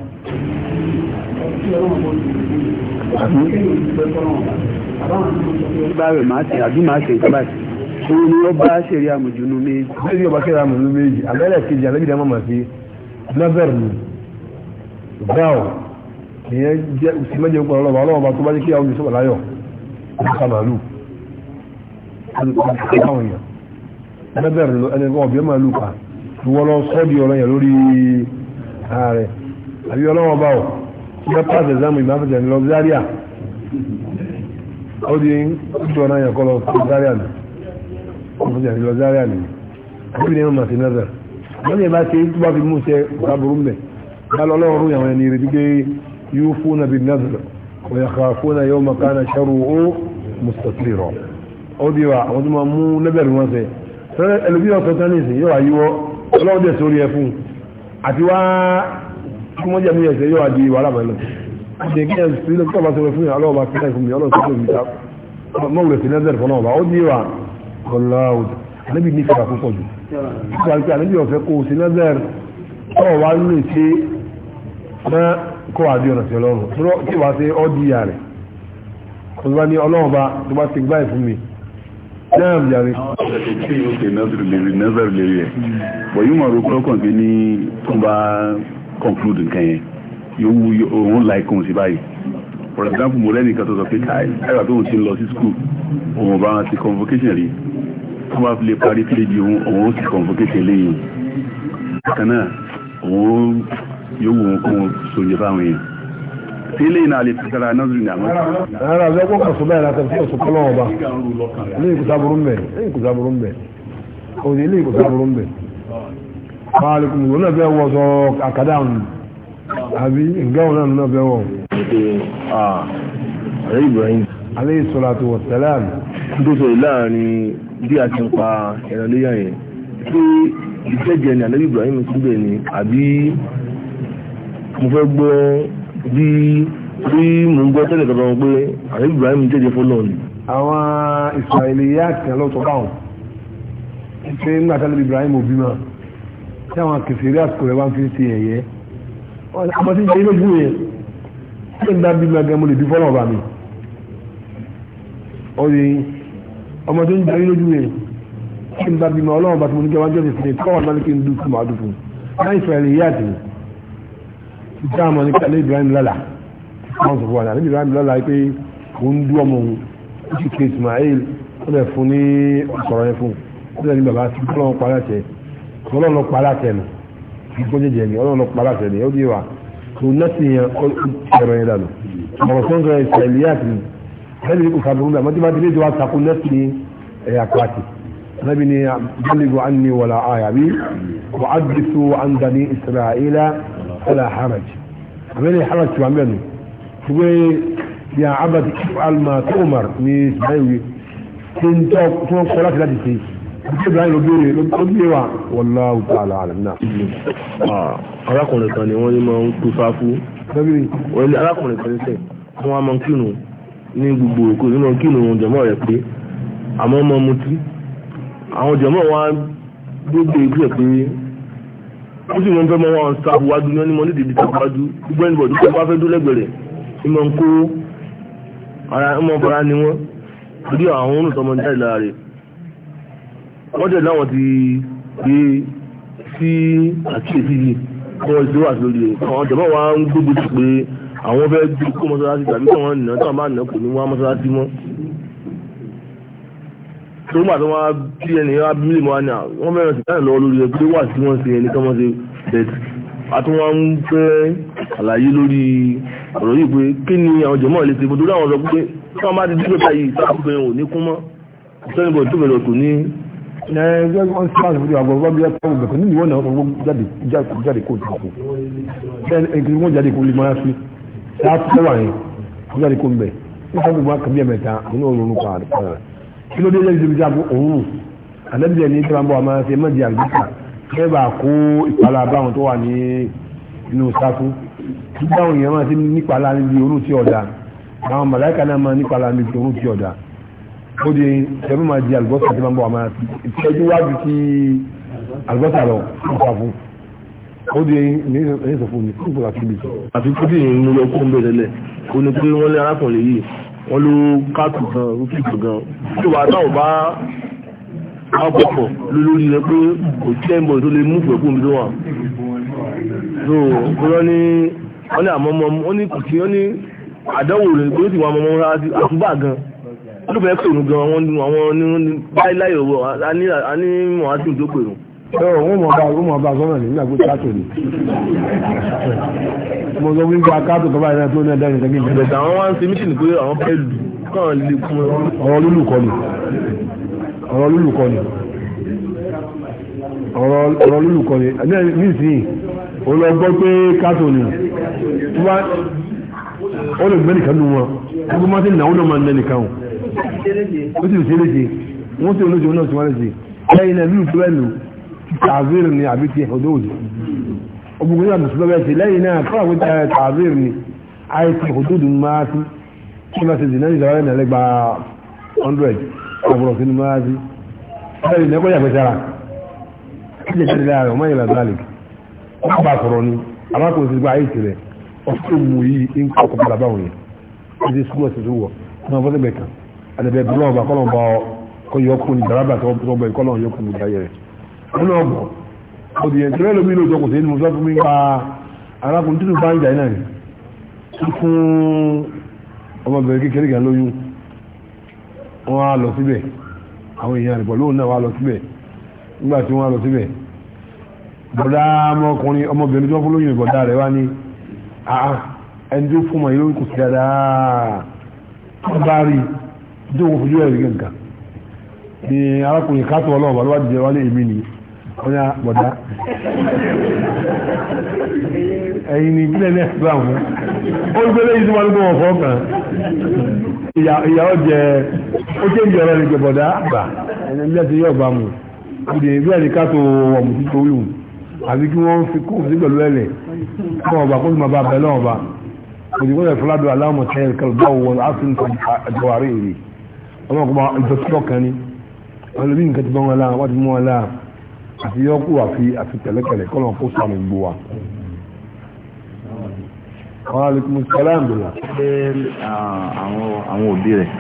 báwo máa ṣe àbí máa ṣe ìjọba yìí òun ni ó bá ṣeré àmùjùnú méjì. bẹ́ẹ̀ ni ọba ṣeré àmùjùnú méjì àbẹ́rẹ́ kejì àlejò dá mọ̀ mọ̀ sí nọ́bẹ̀rù báwo ìyẹn jẹ́ òsì mẹ́jẹ pọ̀ ọlọ́ba ọlọ́ba tó bá jẹ́ kí àwọn ìṣọ́bà láyọ̀ ọ̀ká màálù káwọn èèyàn ẹgbẹ́bẹ̀rẹ̀ lọ ẹni kan ọ̀bẹ́ màálù pa ìwọ lọ sọ́ di ọ̀rọ̀ yẹn lórí ààrẹ ah, àbí ọlọ́wọ́ bá ọ̀ kí di ìjọ náà yẹn kọ́ lọ Zaria nì ìmáfẹ́jẹ̀ lọ Zaria nì àbí ní ọmọ àti nẹ́fẹ̀ẹ́ wọ́n yẹn bá ṣe tó bá fi mú ṣe ọ̀rá burú mẹ́ bá lọ́lọ́run yàwọn يوفون بالنذر ويخافون يوم كان شره مستطيرا odi wa àwọn tó máa mú lẹ́bẹ̀rún wọn sẹ fẹ́rẹ́ ẹlòmí ọ̀sán tán ní ìsìn yóò àyíwọ́ ọlọ́ọ̀dẹ̀ sórí ẹ fún àti wá tí wọ́n jẹ́ mú ẹ̀sẹ̀ yóò àdí wàhálà mẹ́lẹ̀ ṣe kí ẹ̀sìn sílẹ̀ tó bá sọ̀rọ̀ fún yà ọlọ́ọ̀bá sílẹ̀ fún mi ọlọ́ọ̀sán tó mi ta mọ́wùrẹ̀ sí lẹ́sẹ̀ fún ọba ó ní wa kọláwùd anábì ní ìfẹ́ púpọ̀ jù nípa pé anábì ọ̀fẹ́ kó o sí lẹ́sẹ̀ tọ́ọ̀ wá ń lè kó wàá ọ̀nà sí ọlọ́run tí wàá ṣe ọ́ ìyá rẹ̀ kò tó bá ní ọlọ́run bá tó bá ti gbáyìí fún mi náà bí àrí. bọ̀ yóò máa ro kọ́kàn pé ní tó bá conclude nǹkan yẹn yóò wú òun láìkún sí báyìí for example mo rẹ́nìkan tó sọ pé káyọ̀ tó ń ti lọ sí school òun bá ti convocation rí tó bá lè parí péjì òun òun ó convocation lẹ́yìn. bákan náà òun yóò wù wọn kó wọn sòyè fáwọn èèyàn tí ilé iná lè tẹ̀sára nọ́ọ̀sì ní àwọn. ara rẹ kó kàṣọ báyìí láti fi ọ̀sùn kọ́lọ́ ọba ilé ìkùsà burú mbẹ ilé ìkùsà burú mbẹ òní ilé ìkùsà burú mbẹ. maaleykum wọn náà fẹ́ wọ sọ àkàdá ọ̀nù àbí ìgbàwọn náà náà fẹ́ wọ. ààrẹ Ibrahim. aleyhi salatu wa salam. dóso láàrin bí a ti ń pa ẹran léyà yẹn kí ìfẹ́jẹ ni alẹ́ Ibrahim síbẹ̀ ni àbí mo fẹ́ gbọ́ bí bí mo ń gbọ́ tẹ́lẹ̀ kankan wọn pé àyè Ibrahim jẹ́jẹ́ fọ́lọ́ ni. àwọn Israẹli yá kan ló sọ báwọn ṣe ń gbàtàlẹ́ Ibrahim òbí mọ́ tí àwọn kẹsìrì àsìkò rẹ̀ wá ń fi ṣe ẹ̀yẹ́ àmọ́ tí ìjẹ́ ìlógún yẹn ṣé dá bí gbàgbẹ́ mo lè bí fọ́lọ́ ọba mi ọ̀rẹ́ ọmọ tó ń jẹ́ ìlógún yẹn ṣé ń dá bí mọ́ ọlọ́run bá ti mo ní kí wọ́n jẹ́ ìsinmi kọ́wọ́n náà ní kí n dùn fún màá dùn fún láì Israẹli yá àtìmọ́ ìdáàmọ́ ní kálẹ̀ Ibrahim lọ́la council of one àti Ibrahim lọ́la pé òun dú ọmọ òun ó sì ké Ismail ó lè fún ní ọ̀sọ̀rọ̀ yẹn fún ó lè ní bàbá sí ọlọ́run paláṣẹ ọlọ́run paláṣẹ nù ìgbọ́jẹ̀jẹ̀ ni ọlọ́run paláṣẹ ni ó di wà òun náà sì yan ẹ̀rọ yẹn dànù ọ̀rọ̀ tó ń sọ ìsẹ̀lẹ̀ yàtì ẹ̀rọ yìí kò fàbùrù náà mọ́tí bá ti lé ìjọba sàkó náà sì ní ẹ̀yà pàtì nabi ni baligu anni wala aya bi wa addisu an bani isra'ila فلا حرج عملي حرج شو عمله شوي يا عبد افعل ما تؤمر ميس بايوي كنت تكون صلاة لا تسي بجيب هاي لبيري لبيري وا والله تعالى اعلم نعم اه arákùnrin kan ni wọ́n ní máa ń tó sáfú wọ́n ní arákùnrin kan níṣẹ́ wọ́n á máa ń kírun ní gbogbo òkú ní máa ń kírun ohun jẹ̀mọ́ rẹ̀ pé àmọ́ máa mutí àwọn jẹ̀mọ́ wa gbogbo ìgbẹ́ pé ó sì wọ́n fẹ́ mọ́ wọn sáfù wájú ní ọ́nìmọ́ nídìí sáfù wájú gbogbo ẹni bọ̀dú tó bá fẹ́ dúró lẹ́gbẹ̀rẹ̀ ìmọ̀ ń kó ara ọmọ fara ni wọ́n torí àwọn òun tọmọ jáde lára rẹ̀ wọ́n jẹ̀ láwọn ti gbé sí àkíyèsí yìí kí wọ́n ti wà lórí rẹ̀ àwọn jẹ̀mọ́ wa ń gbógun ti pé àwọn fẹ́ dúró kó mọ́sálásí tàbí kí wọ́n nà tó àmà nà kò ní wá mọ́sálásí mọ́ tó wà tó wá bí ẹni wá bí mílíọ̀nù wá ní à wọ́n bẹ̀rẹ̀ sí káyọ̀ lọ́wọ́ lórí ẹ pé wà tí wọ́n ṣe ẹni kọ́mọ́ ṣe bẹ̀tì àtúnwá ń fẹ́ àlàyé lórí ọ̀rọ̀ yìí pé kí ni àwọn jẹ̀mọ́ lè ṣe bó torí àwọn sọ pé tí wọ́n bá ti dúró ta yìí sáàpùpẹ̀ ò ní kún mọ́ sẹ́ni bọ̀ tó bẹ̀rẹ̀ kò ní. ẹ ẹ jẹ́ wọ́n ti máa ṣàfihàn àgbọ̀ bá bí ẹ pọ̀ bẹ̀kọ̀ nínú ìwọ náà wọ́n jáde kó dùn kù ẹni wọ́n jáde kó lè máa fi láti tẹ́wà yẹn wọ́n jáde kó ń bẹ̀ nípa gbogbo akẹ́bí ẹ̀mẹ̀ta nínú òórùn kan àdìpọ̀ rẹ̀ kí ló dé lẹ́yìn ìdíbi jáàbù òun àlẹ́bíyẹ ní ìtàlámbọ̀ àmọ́ ṣe mọ́jì àgbẹ̀kà kẹ́ bá kó ìpalà báwọn tó wà ní inú sáfù nígbà wọn èèyàn máa ti nípalà níbi orún tí ọ̀dà àwọn màláìka náà máa nípalà níbi orún tí ọ̀dà ó di ẹbí máa di àlùbọ́sà tí máa ń bọ̀ àmọ́ ìtọ́jú wájú ti àlùbọ́sà lọ fún sáfù ó di ẹ̀yìn sọ fún mi kí n kò kà síbi. àfikún wọ́n ló káàtù gan rúkìtù gan tó wà náà bá àpapọ̀ lórí rẹ̀ pé kò tí ẹ̀mọ̀ tó lè mú pẹ̀kún mi tó wà so wọ́n ní wọ́n ní àmọ́mọ́ wọ́n ní kò tí wọ́n ní àdánwò rẹ̀ pé ó sì wà mọ́mọ́ àtúbà gan wọ́n ló fẹ́ pèrò gan àwọn oníláyọ̀ a ní mọ̀ á sì tó pèrò wọ́n mọ̀ bá wọ́n mọ̀ bá sọ́nà nígbà pé káàtò ni mo sọ wípé akáàtò kọ́ báyìí náà tó ní ẹ̀dá ìrìnkẹ́ kí n bẹ̀rẹ̀ àwọn wá ń ṣe mítìnì pé àwọn fẹ́ lù kàn lè kún ọ̀rọ̀ lúlù kọ́ ni ọ̀rọ̀ lúlù kọ́ ni ọ̀rọ̀ lúlù kọ́ ni nísìnyí o lọ gbọ́ pé káàtò ni ó lè gbẹ́ nìkan nù wọn gbogbo máa ti nà ó lọ́ máa ń dẹ́ nìkan o ó sì ṣe é léṣe wọ́n sì olóṣèlú náà ti wá léṣe lẹ́yìn náà lúlù tó ẹ̀ lù تعذير ني عبيتي حدود ابو غياب مسلمات لينا قاوي تعذير ني عايز حدود ما في كما تزناني زوانا لك با 100 ابو رسول ما في هل نقول يا بشارة كل شيء لا وما الى ذلك ابا فروني ابا كنت بعيد كده ọ̀tọ́mù yìí ń kọ́ ọ̀pọ̀lọpọ̀ àbáwọn yẹn ẹ̀dí sukúl ẹ̀sìn tó wọ̀ ní wọn fọ́sẹ̀ bẹ̀ẹ̀ kan àdàbẹ̀ bùrọ̀ ọba kọ́lọ̀ bá ọ kọ́ yọkùn ní dàrábà tó bẹ̀ kọ́lọ̀ yọkùn ní ìdáyẹ̀ rẹ̀ nínú ọgbọ̀n òdì ẹ̀tẹ́rẹ́ lómi ló jọkùn sí ní mọ́sán fún mi pa arákùnrin títún bá ń jà náà ni fún ọmọbìnrin kékeré kan lóyún wọ́n á lọ síbẹ̀ àwọn èèyàn rẹ̀ pẹ̀lú òun náà wá lọ síbẹ̀ nígbà tí wọ́n á lọ síbẹ̀ bọ̀dá ọmọkùnrin ọmọbìnrin tí wọ́n fún lóyún ìbọ̀dá rẹ̀ wá ní ẹni tó fún mọ̀ yóò kò sí dáadáa tó bá rí tó kò fojú ẹ̀rí gẹ̀ǹkà ọ̀yà bọ̀dá ẹ̀yìn ní ìbílẹ̀ ní ẹ̀sùn àwọn olùgbélé yìí tí wọ́n gbọ́ ọ̀fọ́ kan ìyàwó jẹ ó ké ń jọrọ nìkẹ́ bọ̀dá bà ẹni ilé ti yọ̀ bá mu òdì ìbílẹ̀ ní ká tó ọmọ tó tó wù àbí kí wọ́n fi kó sí pẹ̀lú ẹ̀lẹ̀ kọ́ ọba kó sì máa bá bẹ̀lẹ̀ ọba òdì kó lè fúládù aláwọ̀ tẹ́lẹ̀ àti yọkù àfi àfi tẹ̀lẹ́kẹ̀lẹ́ kọ́lọ̀ kó sàmì gbò wa. wọ́n á lè kún sẹ́lẹ̀m bìlà. ṣé àwọn òbí rẹ̀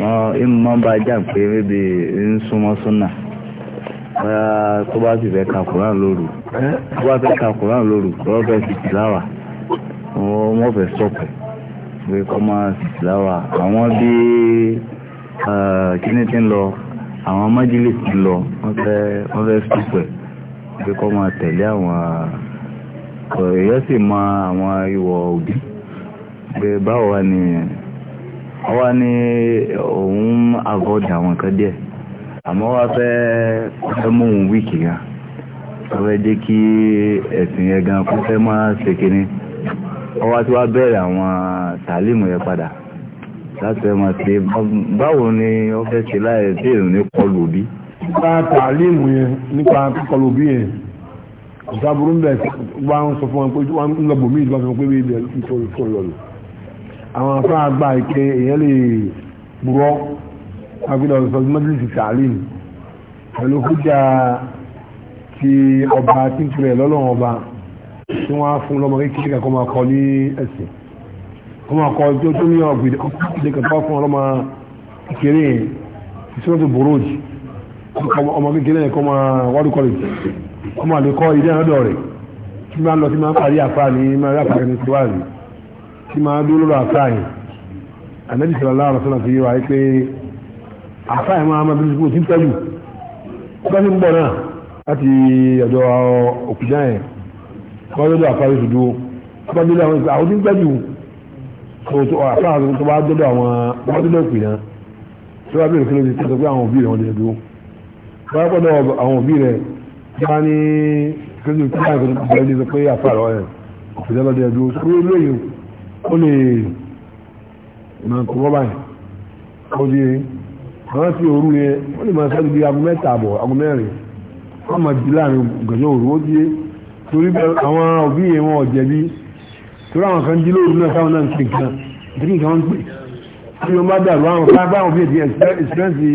wọ́n ń mọ́ bá jà pé bébè ń súnmọ́ súnà bóyá tó bá sì fẹ́ ka Quran lóru tó bá fẹ́ ka Quran lóru lọ́wọ́ fẹ́ sì tìláwà wọ́n fẹ́ sọ̀pẹ̀ pé kọ́ máa sì tìláwà àwọn bí kíní ti ń lọ àwọn májèlé ti lọ wọ́n fẹ́ wọ́n fẹ́ sípẹ̀ pé kọ́ máa tẹ̀lé àwọn èèyàn sì mọ àwọn ìwọ̀ òbí pé báwo wá ni wọ́n wá ní òun àgọ́dà àwọn kan díẹ̀ àmọ́ wá fẹ́ fẹ́ mú òun wíìkì gan wọ́n fẹ́ jẹ́ kí ẹ̀sìn yẹn gan kó fẹ́ máa ṣe kínní wọ́n wá tí wá bẹ̀rẹ̀ àwọn tàlímù yẹn padà láti ẹmọ sí báwo ni ó fẹ́ ṣe láyé tí èrò ní kọlù bí. nípa tààlímù yẹn nípa kọlù bí yẹn kò sábúrú ń bẹ̀ wá ń sọ fún wọn pé wọ́n ń lọ bòmí ìjọba fún wọn pé bí ibẹ̀ nítorí fún lọ́lù. àwọn afẹ́ àgbà ìke èèyàn lè gbúrọ́ agbẹ́dọ̀ sọ mọ́tílìsì tààlímù pẹ̀lú kújà ti ọba tí ń tirẹ̀ lọ́lọ́run ọba tí wọ́n á fún lọ́mọ kékeré kakọ́ máa kọ ní ẹ̀sìn ọmọ akọ tó tó ní ọgbìdì ọkùnrin kẹta fún ọlọ́mọ kékeré ìṣúná bòrójì ọmọ kékeré ẹ̀kọ́ ma wọ́dù kọ́lẹ̀jì ọmọ àlekọ́ ilé ọ̀dọ̀ rẹ̀ tí máa lọ sí máa parí àfáà ní máa rí àfáà ní síwáàrí tí máa dúró lọ́rọ̀ àfáà yìí ànábì sọ̀rọ̀ láàrọ̀ sọ́nà fi wáyé pé àfáà yìí máa máa bí sùkúrò tí ń tẹ́lù ó bá ti ń bọ̀ náà láti ọ̀dọ̀ òkùnjá yẹn wọ́n lọ́dọ̀ àfáà yìí sùdúró ó bá dúró àwọn ìgbà àwọn tí ń tẹ́lù àfáàzù tó bá dọ́dọ̀ àwọn mọ́tòdó òpin náà tó bá bẹ̀rẹ̀ kí ló ti tẹ́tọ́ pé àwọn òbí rẹ̀ wọ́n lè dúró wọ́n á gbọ́dọ̀ àwọn òbí rẹ̀ bá ní kí ló ti báyìí kó bẹ̀rẹ̀ yẹn wọn ò torí àwọn kan jí lóru náà táwọn náà ń ṣe nǹkan ìdí nǹkan wọ́n pè tí wọ́n bá dàrú àwọn bá báwọn bí èdè ìsìlẹ́ǹsì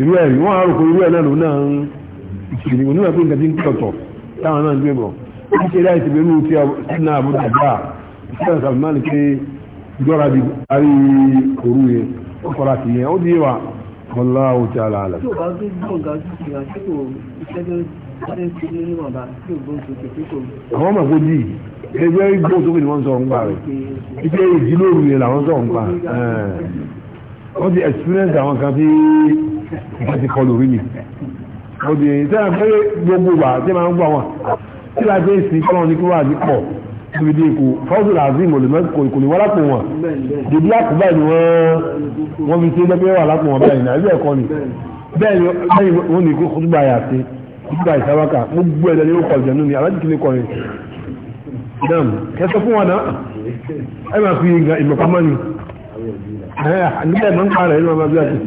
ìlú ẹ̀ wọ́n á rò pé irú ẹ̀ náà lòun náà ń ìṣèlú òun náà pé nǹkan tí ń tọ̀tọ̀ táwọn náà ń gbé bọ̀ wọ́n ṣe láì ṣe pẹ̀lú ti ṣínà àbúdà bá ìṣẹ́lẹ̀ sàmìmánì pé ìjọra di parí òru yẹn ó kọ́ra sí yẹn ó di wà Wallahu ta'ala alam. tí o bá tó gbọ́n ga sí ìgbà tí kò ìṣẹ́jọ́ ṣe ń fi nínú ọ̀dà tí o gbọ́n sókè tí kò. àwọn ọmọ kò dì í ẹgbẹ́ gbọ́n sókè ni wọ́n sọ nípa rẹ̀ ipe ìdílóru yẹn làwọn sọ nípa wọ́n ti experience àwọn kan tí wọ́n ti kọlù rí ni wọ́n ti sẹ́yìn pé gbogbo wa tí máa ń gbọ́ wọn tí láti ṣe kọ́ ìbìdí èkó fọ́sùn àzìm kò lè wá lápò wọn dèbí àkùbá ni wọ́n fi ṣe lẹ́gbẹ́ wà lápò wọn báyìí náà ẹgbẹ́ ẹ̀kọ́ ni bẹ́ẹ̀ ni wọ́n ní kó túbà yà sí túbà ìsáwákà gbogbo ẹ̀dẹ̀ ni ó kọ̀ ìjẹ̀nu ni alájì kìíní kọrin dam kẹsọ fún wọn náà ẹ máa fi ìmọ̀pamọ́ ni nígbà ìmọ̀ ń pa rẹ̀ nínú ọmọ bíi àti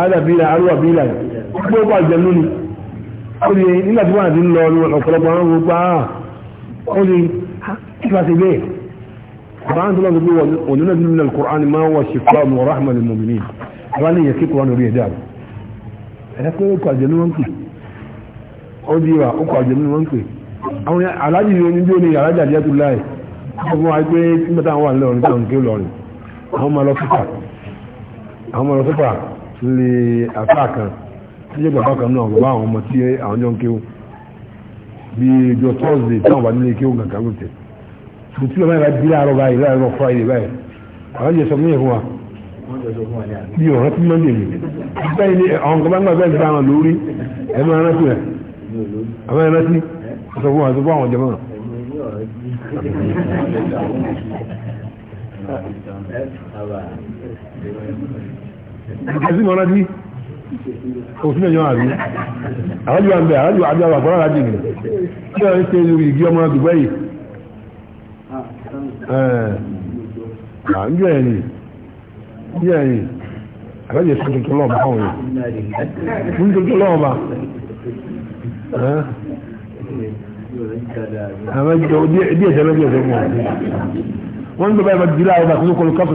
àádà bíi là arúgbà bíi là gbogbo ẹ̀kọ́ ìjẹ̀nu ni ó ní nígbà tí wọ́n àti ń lọ ọ̀pọ̀lọpọ̀ àwọn gbogbo ah, ó ní kíláàsì bẹ́ẹ̀ àwọn tó lọ́gbẹ̀ wọ́n nínú nínú al-Qur'an ma wà shifa mu rahma lil mu'minin àwọn ní yẹ̀kí kùránì orí ẹ̀dá ẹ̀dá pé ó kọ àjẹ́ ní wọ́n pè ó di wa ó kọ àjẹ́ ní wọ́n pè àwọn alájì ni oníjó ni alájì àjẹ́ tó láì ọmọ wa pé nígbàtà wà nílẹ̀ òní táwọn kí lọrin àwọn ọmọ lọ́sípà àwọn ọmọ lọ́sípà lè àfáà kan tí yẹ bàbá kan náà bàbá àwọn ọmọ tí àwọn jọ ń kéwòn bí ìjọ tọ́sídẹ̀ẹ́ táwọn bá nílé kí ó gàgà ló tẹ̀ tuntun lọ́wọ́ bá di láàárọ̀ báyìí láàárọ̀ friday báyìí àwọn jẹ sọ fún yẹn fún wa bí ọ̀rọ̀ tí wọ́n dèmi báyìí ni àwọn kan bá ń gbà bẹ́ẹ̀ dáhùn lórí ẹ̀ máa rántí rẹ̀ àwọn ẹ̀ rántí sọ fún wa sọ fún àwọn jẹ mọ́ràn. Ẹ̀sìn mọ́ra sí. òfin ẹ̀yàn àrí àwájú àmì àwájú àmì àwọn àgbọ̀nrán àjì kí wọ́n ṣe lórí igi ọmọ Dubai yìí à ń jẹ́ ẹ̀yìn jẹ́ ẹ̀yìn àwájú ẹ̀sùn tuntun lọ́wọ́ bá wọn yìí ń tuntun lọ́wọ́ bá àwájú díẹ̀ tẹ́lẹ̀ díẹ̀ tẹ́lẹ̀ wọ́n ń lọ báyìí bá dìrì àwọn bàtúntò kọlu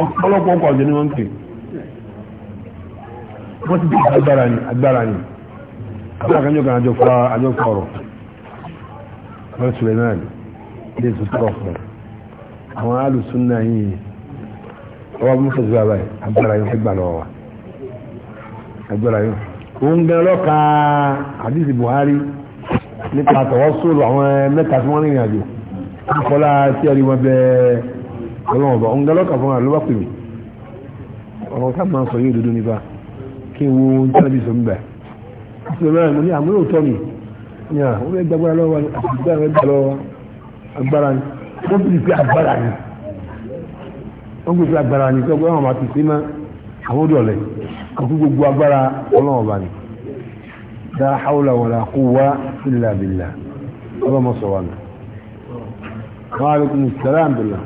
ọ̀pọ̀lọpọ̀ ọkọ̀ ọ̀jẹ̀ ni wọ́n ń pè wọ́n ti dìgbà agbára ni agbára ni agbára kan yóò kan àjọ fún àjọ fọ̀rọ̀ wọ́n sùlẹ̀ náà ni ilé ìsúkọ̀ fún àwọn alùsùn náà yìí ọwọ́ bí wọ́n fẹ́ sọ́ra báyìí agbára yóò fẹ́ gbà lọ́wọ́ wa agbára yóò òun gan lọ́ka àdìsí Buhari nípa àtọ̀wọ́sọ̀rọ̀ àwọn mẹ́ta tí wọ́n rìnrìn àjò kọ́lá tí wọn bẹ́ẹ̀ ọlọ́run ọba òun galọ́kà fún àlọ́wà pè mí ọ̀rọ̀ ká máa sọ yóò dodo nípa kí n wo ohun tí alábi sọ nígbà àti ọ̀rọ̀ rẹ̀ mo ní àmúlò tọ́ mi ní à ó fẹ́ gbàgbára lọ́wọ́ àtìgbà rẹ̀ gbà lọ́wọ́ agbára ni wọ́n fi pé agbára ni wọ́n fi pé agbára ni pé ọgbọ́n àwọn àti sèmá àwọn òdòlẹ̀ àti gbogbo agbára ọlọ́run ọba ni dá hawla wàlà quwwa illa billah ọlọ́mọ sọ wa Wàhálùkùn Sàlám Bìlá.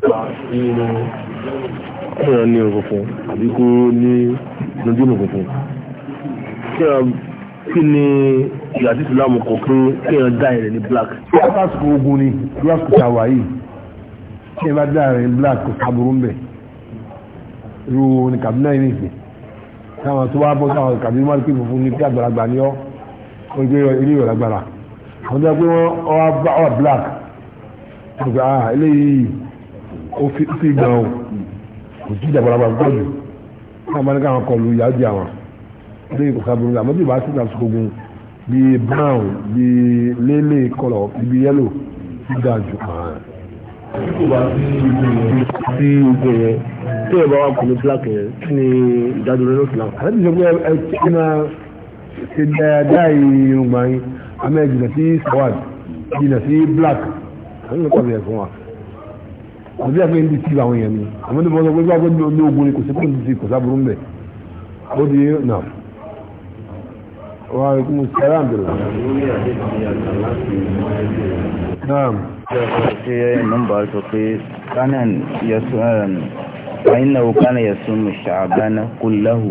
Ẹ̀yàn ní òkùnkùn àbí kó ní nùdínù òkùnkùn. Kí ni ìyà tí Sùlámù kò pé kéèyàn dá ẹ̀rẹ̀ ní black? Lásìkò ogun ni, lásìkò tàwà yìí, kí ẹ bá dá ẹ̀rẹ̀ ní black kò sábúrú ń bẹ̀. Irú ni Kàbínà yìí nìsín. Táwọn tó wá bọ́ sáwọn Kàbínà máa ń pè fún ní kí àgbàlagbà ni ọ́, ó gbé ilé ìwé àgbàlá. Àwọn tó yẹ pé wọ́n black ọgbà ah, eléyìí o fi gan o kò sí ìjàgbọ́nàbà gbọ́dù náà máa ní káwọn kọlu ìyá di àwọn eléyìí kò sábà burúkú àmọ́ bí ìbá sí ìdàpọ̀ ogun bíi brown bíi lélẹ̀ kọlọ̀ bíi yẹ́lò ti dáa jù kàn án. sí ogun yẹn tí ẹ bá wà kọlu black yẹn kí ni ìdádúró ló fi náà. àti ìjọba ẹ ti máa ṣe dáadáa irun gbọ̀n yín amẹ́jìnà sí sawad jìnà sí black àwọn yóò kọ̀wé ẹ̀fọn wa àbí àpé ń dìtì àwọn èèyàn ni àwọn tó fọwọ́ gbégbá gbé ní ogun ni kò sí kó ń dìtì kò sábúrú mbẹ ó di nà wa alaikum salaam bẹ̀rẹ̀. naam. ṣe nọ́mbà sọ pé kanan yasun fàyínà òkàna yasun ṣàbánà kùláhù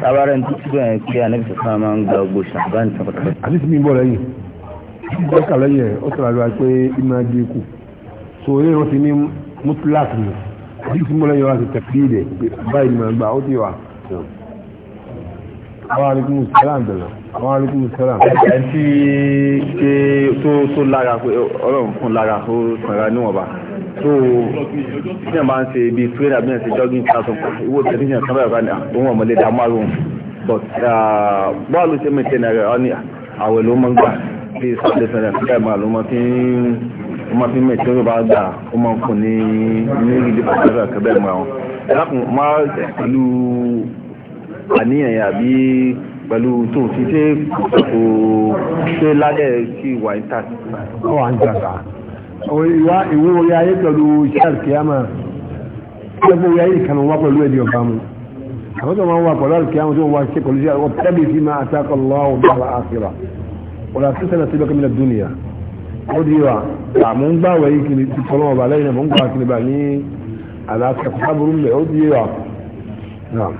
tábàárẹ̀ ń tutù bẹ́ẹ̀ pé anábìsọ̀ fún wa máa ń gba gbogbo ṣàbánà tàbátàbá. àti sinmi bọ́ọ̀lù ẹ̀yìn ìgbẹ́kà lẹ́yìn ẹ̀ ó sọ̀rọ̀ àgbà pé iná dé kù so eré wọn ti ní mutlak ni bí tí mo lẹ́yìn wa ti tẹ̀pí rẹ̀ báyìí ni mà ń gbà ó ti wà. àwọn alikun sẹ́lá ń bẹ̀rẹ̀ àwọn alikun sẹ́lá. ẹ ti ṣe tó tó lára pé ọlọ́run fún lára ó sanra níwọ̀nba so bí wọn bá ń ṣe bíi trader bí wọn ṣe jogging class of iwo television kan báyìí kan ah, òun ọmọlẹ́dàá márùn-ún but ah, bọ́ọ̀lù ṣe mẹ́tẹ́nà rẹ̀ ọ ní ah, àwẹ̀ ló mọ́ gbà bí sáàdé sẹ́lẹ̀ fílẹ̀ máa ló máa fi ń mẹ̀ tí ó bá gbà ó máa ń fún ní ní ìdí pàtàkì àkẹ́bẹ̀ máa wọn ẹlákùn máa pẹ̀lú àníyàn yà bí pẹ̀lú tó fi ṣe kò ṣe lálẹ́ sí ìwà intact. ó wà ń jàgbá ìwé orí ayé pẹ̀lú iṣẹ́ àkíyàmà ẹgbẹ́ orí ayé ìkànnì wá pẹ̀lú ẹ̀dì ọ̀bá mu àwọn tó máa ń wà pẹ̀lú àkíyàmà tó ń wá ṣe pẹ̀lú iṣẹ́ ọ̀tẹ́bì sí máa àtàkọ̀ ولا تنسى نصيبك من الدنيا وديوا تعمون با ويكن تطلعوا علينا من قاعد نبالي على اصحابهم اللي وديوا نعم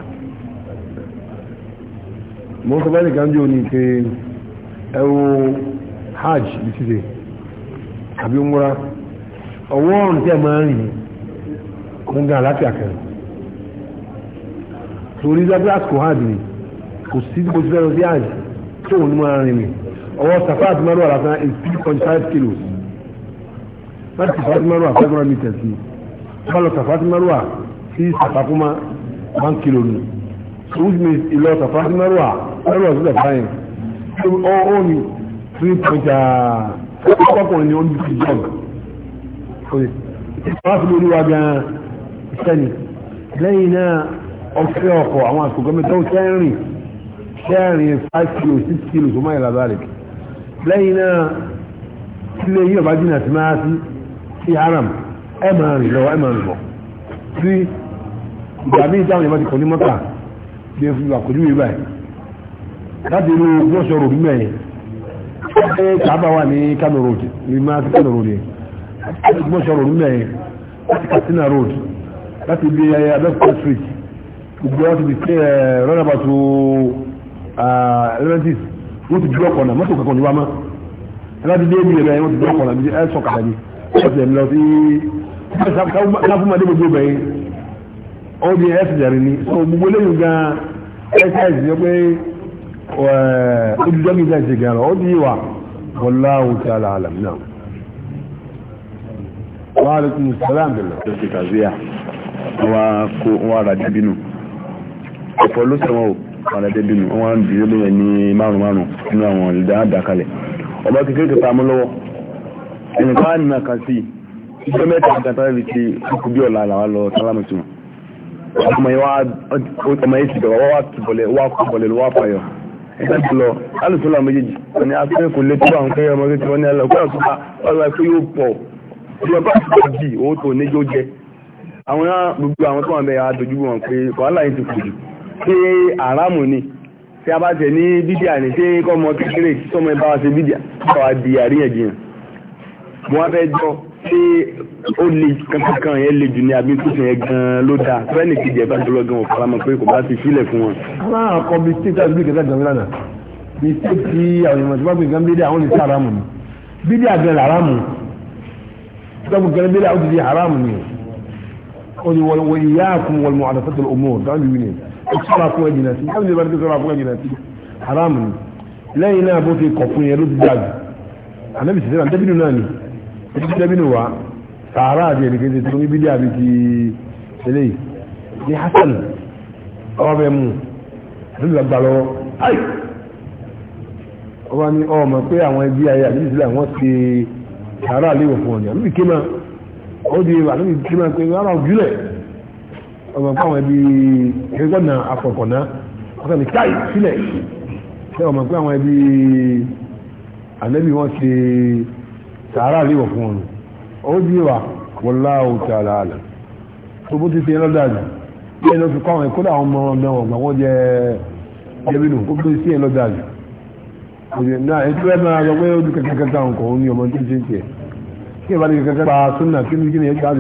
mo sọ báyìí kan jò ní pé ẹwọ hajj bí ti dé àbí múra ọwọ́ ọ̀rùn tí ẹ máa ń rìn kó ń gan àlàáfíà kẹrin torí lábẹ́ àsìkò hajj ni kò sí kò sí fẹ́ràn sí hajj tó òun ní máa rìn rìn ọwọ́ safari àti mẹ́rù àlàfẹ́ is three point five kilos láti safa àti five hundred meters ni wọ́n lọ safa àti mẹ́rù à one kilo ni so which means ìlọ safa àti mẹ́rù à mẹ́rù à sí safa yẹn ó ó ní three point ọkọkùnrin ah, ni ó ń bí ti jọ́ọ̀gù oye wọ́n fi lórí wa gan-an sẹ́ni lẹ́yìn náà ọ̀fẹ́ ọkọ̀ àwọn àkókò mẹ́ta ó sẹ́rìn sẹ́rìn five kilo six kilo tó máa yẹ lábẹ́ àlèkè lẹ́yìn náà yíò bá jìnà sí máa sí sí haram ẹ rìn lọ ẹ rìn bọ̀ sí ìgbà míì táwọn ìbá ní mọ́ta lè fi wà kojú ìbá láti inú gbọ́sọ̀ rò mímẹ̀ yẹn ṣe wà ní Kano road ní wọ́n ti dúró kọ̀nà mọ́tò kankan ní wa mọ́ aláàbí dé mi rẹ̀ wọ́n ti dúró kọ̀nà bí ẹ sọ kàdà ni wọ́n ti lọ sí káfíńmadé gbogbo bẹ́ẹ̀ ọ̀hún ni ẹ sì jàre ni so gbogbo lẹ́yìn gan ẹ ṣe àìsí pé ojú dọ́kì ṣe àìsí gan ọ̀hún ni wà bọ́lá òun ti àlà àlàm náà. wa alaikum salam bẹ̀rẹ̀. ló ti kàzíyà wọn wá ra dàbínù ọ̀pọ̀ ló sẹ́wọ̀n ọ̀nà débi nù wọ́n ń dìde lóyè ní márùn márùn nínú àwọn ìdá àdàkalẹ̀ ọba kékeré kẹta mú lọ́wọ́ ẹnìkan á nà kan sí iṣẹ́ mẹ́ta àgbàtà rẹ̀ ti kú bí ọ̀la làwọn lọ sálámùtù ọmọ yìí ti dọ̀wọ́ wá kú bọ̀lẹ̀ wá kú bọ̀lẹ̀ lọ́wọ́ fàyọ̀ ẹ̀ka ti lọ alùsọ́là méjèèjì wọ́n ni afẹ́ kò lé tó àwọn kẹ́yẹ ọmọ kékeré wọn ni alọ́ kó àtúbà ọlọ́wà pé yóò pọ̀ ọjọ́ bá ti pọ̀ jì owó tó ní yóò jẹ àwọn gbogbo àwọn tó wà bẹ́ẹ̀ adójú wọn pé wàhálà yìí ti pọ̀ jù pé àrámù ni tí a bá tẹ̀ ní bídíà ní pé kọ́mọ kékeré tọ́mọ ẹ bá wa ṣe bídíà bá wa di àríyànjiyàn mo wá fẹ́ jọ pé ó le kankan yẹn le jù ní àbí tó sìn yẹn gan ló dáa tó ẹnì kejì ẹ bá jọlọ gan òfin alamọ pé kò bá fi sílẹ̀ fún wọn. aláàrán ó ní wọ́n ìyá àkùn mọ̀ àdàtọ́tọ̀ òmùọ̀ dáhùn yìí nìyẹn sọ́ra fún ẹ̀jìnà sí ẹ̀jìnà ìbára tó sọ́ra fún ẹ̀jìnà sí haram ni lẹ́yìn náà bó ti kọ̀ fún yẹn ló ti dájú ànábì sì sẹ́ra dẹ́bìnú náà ni ẹ̀jẹ̀ dẹ́bìnú wa sàárà àti ẹ̀nìkan ti tó ní bídí àbí ti ṣẹlẹ̀ yìí ní hasan ọwọ́ bẹ́ẹ̀ mú ànábì gbà lọ́wọ́ ayi ọba ní ọmọ pé àwọn ẹbí ayé àbí ìsìlẹ̀ àwọn ti sàárà léwọ̀ fún ọ ọmọ fún àwọn ẹbí ẹgbẹ́gbọ́nà afọ̀kànná ọkàn ní káì sílẹ̀ ṣe ọmọ fún àwọn ẹbí ànẹ́bí wọn ṣe sàárà léwọ̀ fún wọn ó di wa wallahu ta'ala alam tó bó ti ṣe lọ́dà jù bí ẹni fi kọ́ àwọn ìkọ́lá àwọn ọmọ ọmọ ọmọ wọn jẹ ẹbí nù kó tó ṣe lọ́dà jù náà ètò ẹ̀ máa lọ pé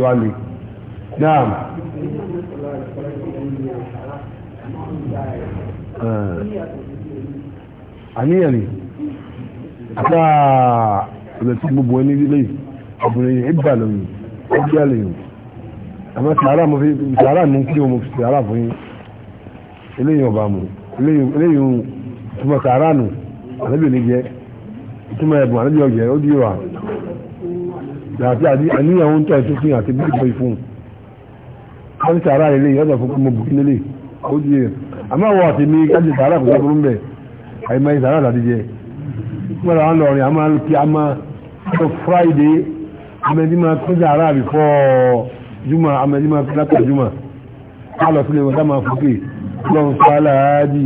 ó di Eh, àníyàn ni àtà ìrètí gbogbo ẹni ilé obìnrin ìgbà lóyún ọjọ́ àlèyàn àmọ́ sàárà mo fi sàárà mú kí mo fi sàárà fún yín eléyìn ọba mu eléyìn ìtumọ̀ sàárà nù àlébì ní jẹ́ ìtumọ̀ ẹ̀bùn àlébì ọ̀jẹ̀ ó dì wà àti àníyàn ohun tó ẹ̀sùn fún àti bí ìbọn ìfún wọn sàárà eléyìn ọ̀dọ̀ fún kí mo bù kí nílé ó dì rẹ̀ àmọ́ wọ́n àti mi kájí sàárà kò sábúrú mbẹ̀ àìmọ́ ìsàárà àti jẹ́ mọ́ra wọn lọ rìn àmọ́ kí a máa tó friday amẹ́dí máa tó sàárà before juma amẹ́dí máa tó lápẹ̀ juma a lọ sílé wọn dáma fúkè lọ́n sáláàájì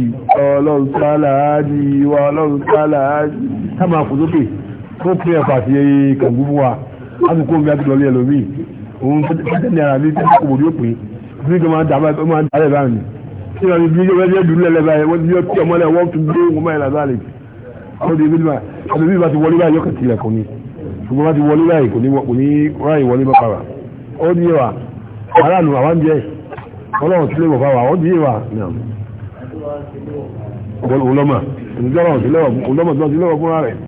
ọlọ́n sáláàájì wa lọ́n sáláàájì táàmà fòsókè tó pè ẹ̀fà sí kàngú fún wa a ti kó omi àti lọlé ẹlòmíì òun tẹ́tẹ́ ní ara ní tẹ́tẹ́ kòmòdì ó pè é ní kí wọ́n máa dà sínú àti bí wọ́n yẹ dùn lẹ́lẹ́ báyìí wọ́n ti yọ tí ọmọ náà wọ́n tún gbé wọn báyìí làbá lè àwọn òde ìbílẹ̀ àti bí wọ́n ti wọlé báyìí yọkàn tilẹ̀ kò ní ṣùgbọ́n wọ́n ti wọlé báyìí kò ní ráyè wọlé bá para ó ní wa aráàlú àwọn ń jẹ ọlọ́run sílé wọ̀ fáwa ó ní wa ọlọ́mà ìjọba ọ̀sílẹ̀ wọ̀ fún ọlọ́mà